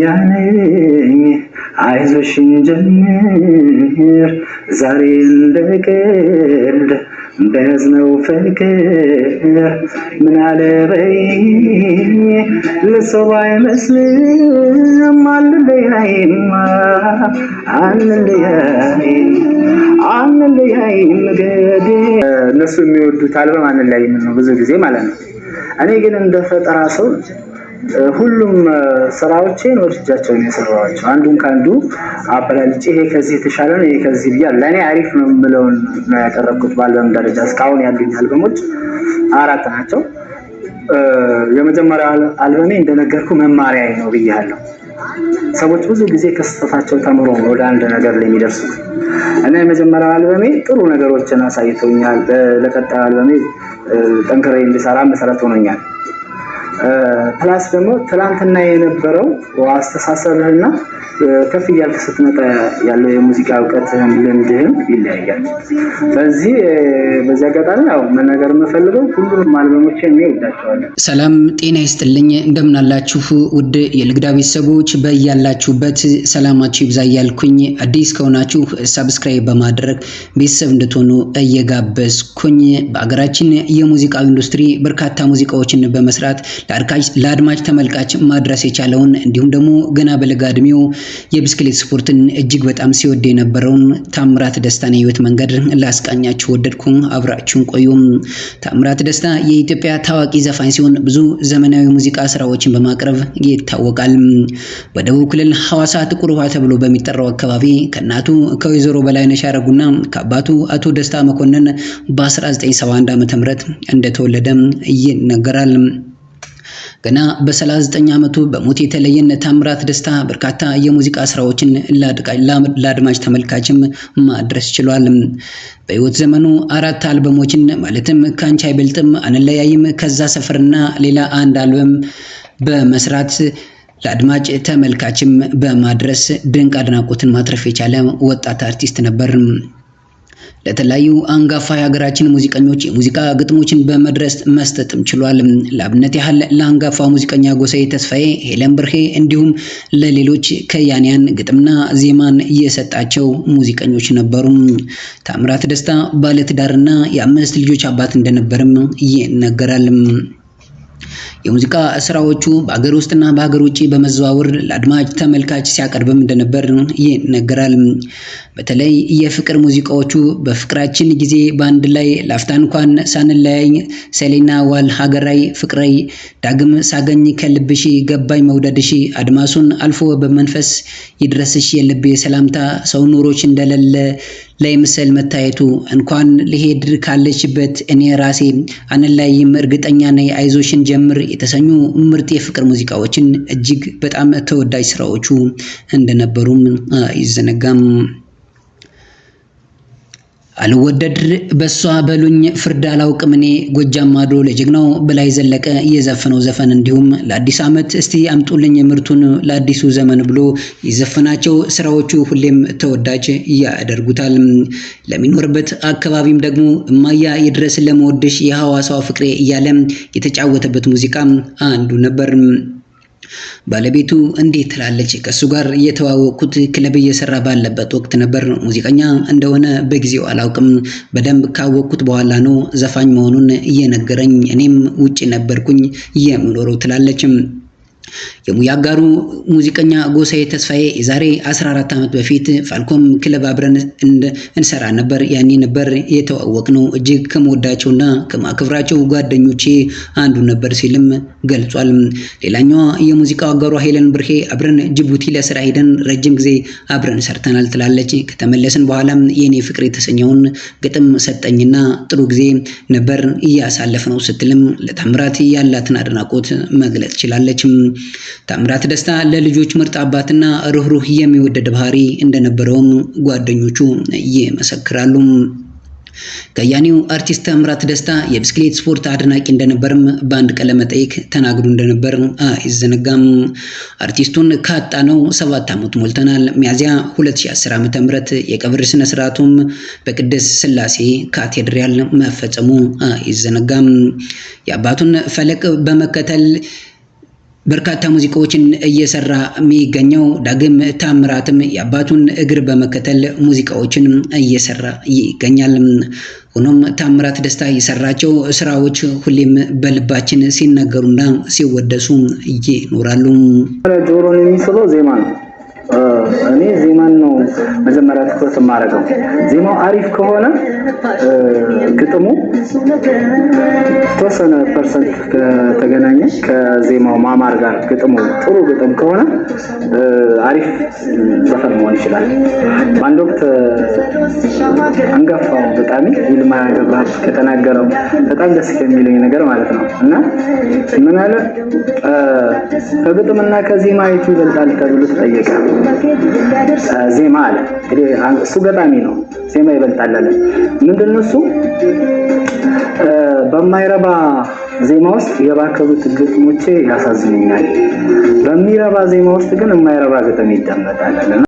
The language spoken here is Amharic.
ደስተኛ ነኝ፣ አይዞሽን ጀምር ዛሬ እንደ ቀልድ በያዝነው ፍቅር ምን አለ በይ ልሰው አይመስልም አንለያይማ አንለያይም ገዴ እነሱ የሚወዱት አልበም አንለያይም ነው ብዙ ጊዜ ማለት ነው። እኔ ግን እንደ ፈጠራ ሰው ሁሉም ስራዎቼን ወድጃቸው ነው የሰራኋቸው። አንዱን ከአንዱ አበላልጭ ይሄ ከዚህ የተሻለ ነው፣ ይሄ ከዚህ ብያለሁ። ለእኔ አሪፍ ነው የምለውን ነው ያቀረብኩት። በአልበም ደረጃ እስካሁን ያሉኝ አልበሞች አራት ናቸው። የመጀመሪያ አልበሜ እንደነገርኩ መማሪያ ነው ብያለሁ። ሰዎች ብዙ ጊዜ ከስህተታቸው ተምሮ ወደ አንድ ነገር ላይ እና የመጀመሪያ አልበሜ ጥሩ ነገሮችን አሳይቶኛል። ለቀጣዩ አልበሜ ጠንክሬ እንድሰራ መሰረት ሆኖኛል። ፕላስ ደግሞ ትላንትና የነበረው አስተሳሰብህና ከፍ እያልክ ስትመጣ ያለው የሙዚቃ እውቀትህን ልምድህን ይለያያል። በዚህ በዚህ አጋጣሚ ያው መናገር የምፈልገው ሁሉንም አልበሞች እወዳቸዋለሁ። ሰላም ጤና ይስጥልኝ፣ እንደምናላችሁ ውድ የልግዳ ቤተሰቦች በያላችሁበት ሰላማችሁ ይብዛ እያልኩኝ አዲስ ከሆናችሁ ሰብስክራይብ በማድረግ ቤተሰብ እንድትሆኑ እየጋበዝኩኝ በሀገራችን የሙዚቃ ኢንዱስትሪ በርካታ ሙዚቃዎችን በመስራት ለአድማጭ ተመልካች ማድረስ የቻለውን እንዲሁም ደግሞ ገና በለጋ እድሜው የብስክሌት ስፖርትን እጅግ በጣም ሲወድ የነበረውን ታምራት ደስታን የህይወት መንገድ ላስቃኛችሁ ወደድኩ። አብራችሁን ቆዩም። ታምራት ደስታ የኢትዮጵያ ታዋቂ ዘፋኝ ሲሆን ብዙ ዘመናዊ ሙዚቃ ስራዎችን በማቅረብ ይታወቃል። በደቡብ ክልል ሐዋሳ ጥቁር ውሃ ተብሎ በሚጠራው አካባቢ ከእናቱ ከወይዘሮ በላይነሽ ያረጉና ከአባቱ አቶ ደስታ መኮንን በ1971 ም እንደተወለደ ይነገራል። ገና በ39 ዓመቱ በሞት የተለየን ታምራት ደስታ በርካታ የሙዚቃ ስራዎችን ለአድማጭ ተመልካችም ማድረስ ችሏል። በህይወት ዘመኑ አራት አልበሞችን ማለትም ከአንቺ አይበልጥም፣ አንለያይም፣ ከዛ ሰፈርና ሌላ አንድ አልበም በመስራት ለአድማጭ ተመልካችም በማድረስ ድንቅ አድናቆትን ማትረፍ የቻለ ወጣት አርቲስት ነበር። ለተለያዩ አንጋፋ የሀገራችን ሙዚቀኞች የሙዚቃ ግጥሞችን በመድረስ መስጠትም ችሏል። ለአብነት ያህል ለአንጋፋ ሙዚቀኛ ጎሳዬ ተስፋዬ፣ ሄለን ብርሄ እንዲሁም ለሌሎች ከያንያን ግጥምና ዜማን የሰጣቸው ሙዚቀኞች ነበሩ። ታምራት ደስታ ባለትዳርና የአምስት ልጆች አባት እንደነበርም ይነገራል። የሙዚቃ ስራዎቹ በአገር ውስጥና በሀገር ውጭ በመዘዋወር ለአድማጭ ተመልካች ሲያቀርብም እንደነበር ይነገራል። በተለይ የፍቅር ሙዚቃዎቹ በፍቅራችን ጊዜ በአንድ ላይ ላፍታ እንኳን ሳንለያይ፣ ሰሌና ዋል፣ ሀገራይ፣ ፍቅረይ፣ ዳግም ሳገኝ ከልብሽ፣ ገባኝ መውደድሽ፣ አድማሱን አልፎ በመንፈስ ይድረስሽ የልቤ ሰላምታ ሰው ኑሮች እንደሌለ ላይ ምስል መታየቱ እንኳን ልሄድ ካለችበት እኔ ራሴ አንለያይም እርግጠኛ ነኝ፣ አይዞሽን ጀምር የተሰኙ ምርጥ የፍቅር ሙዚቃዎችን እጅግ በጣም ተወዳጅ ስራዎቹ እንደነበሩም አይዘነጋም። አልወደድ በሷ በሉኝ ፍርድ አላውቅም እኔ ጎጃም ማዶ ለጀግናው በላይ ዘለቀ የዘፈነው ዘፈን እንዲሁም ለአዲስ ዓመት እስቲ አምጡልኝ ምርቱን ለአዲሱ ዘመን ብሎ የዘፈናቸው ስራዎቹ ሁሌም ተወዳጅ ያደርጉታል። ለሚኖርበት አካባቢም ደግሞ እማያ የድረስ ለመወድሽ የሐዋሳዋ ፍቅሬ እያለ የተጫወተበት ሙዚቃ አንዱ ነበር። ባለቤቱ እንዴት ትላለች። ከእሱ ጋር የተዋወቅኩት ክለብ እየሰራ ባለበት ወቅት ነበር። ሙዚቀኛ እንደሆነ በጊዜው አላውቅም። በደንብ ካወቅኩት በኋላ ነው ዘፋኝ መሆኑን እየነገረኝ። እኔም ውጭ ነበርኩኝ የምኖረው ትላለችም። የሙያ አጋሩ ሙዚቀኛ ጎሳዬ ተስፋዬ የዛሬ 14 ዓመት በፊት ፋልኮም ክለብ አብረን እንሰራ ነበር። ያኔ ነበር የተዋወቅ ነው። እጅግ ከመወዳቸውና ከማክብራቸው ጓደኞቼ አንዱ ነበር ሲልም ገልጿል። ሌላኛዋ የሙዚቃው አጋሩ ሄለን ብርሄ አብረን ጅቡቲ ለስራ ሄደን ረጅም ጊዜ አብረን ሰርተናል ትላለች። ከተመለስን በኋላም የኔ ፍቅር የተሰኘውን ግጥም ሰጠኝና ጥሩ ጊዜ ነበር እያሳለፍ ነው ስትልም ለታምራት ያላትን አድናቆት መግለጽ ችላለችም። ታምራት ደስታ ለልጆች ምርጥ አባትና ርኅሩህ የሚወደድ ባህሪ እንደነበረውም ጓደኞቹ ይመሰክራሉ። ከያኔው አርቲስት ታምራት ደስታ የብስክሌት ስፖርት አድናቂ እንደነበርም በአንድ ቃለ መጠይቅ ተናግሮ እንደነበር አይዘነጋም። አርቲስቱን ካጣ ነው ሰባት ዓመት ሞልተናል። ሚያዚያ 2010 ዓ.ም የቀብር ስነ ስርዓቱም በቅድስት ስላሴ ካቴድራል መፈጸሙ አይዘነጋም። የአባቱን ፈለቅ በመከተል በርካታ ሙዚቃዎችን እየሰራ የሚገኘው ዳግም ታምራትም የአባቱን እግር በመከተል ሙዚቃዎችን እየሰራ ይገኛል። ሆኖም ታምራት ደስታ የሰራቸው ስራዎች ሁሌም በልባችን ሲነገሩና ሲወደሱ ይኖራሉ። ጆሮን የሚስበው ዜማ ነው። እኔ ዜማ መጀመሪያ ትኩረት የማደርገው ዜማው አሪፍ ከሆነ ግጥሙ የተወሰነ ፐርሰንት ከተገናኘ ከዜማው ማማር ጋር ግጥሙ ጥሩ ግጥም ከሆነ አሪፍ ዘፈን መሆን ይችላል። በአንድ ወቅት አንጋፋው ገጣሚ ይልማ ገብረአብ ከተናገረው በጣም ደስ ከሚለኝ ነገር ማለት ነው እና ምን አለ ከግጥምና ከዜማ የቱ ይበልጣል ተብሎ ተጠየቀ። ዜማ አለ። እሱ ገጣሚ ነው፣ ዜማ ይበልጣል አለ። ምንድን ነው እሱ በማይረባ ዜማ ውስጥ የባከሉት ግጥሞቼ ያሳዝኑኛል፣ በሚረባ ዜማ ውስጥ ግን የማይረባ ግጥም ይደመጣል።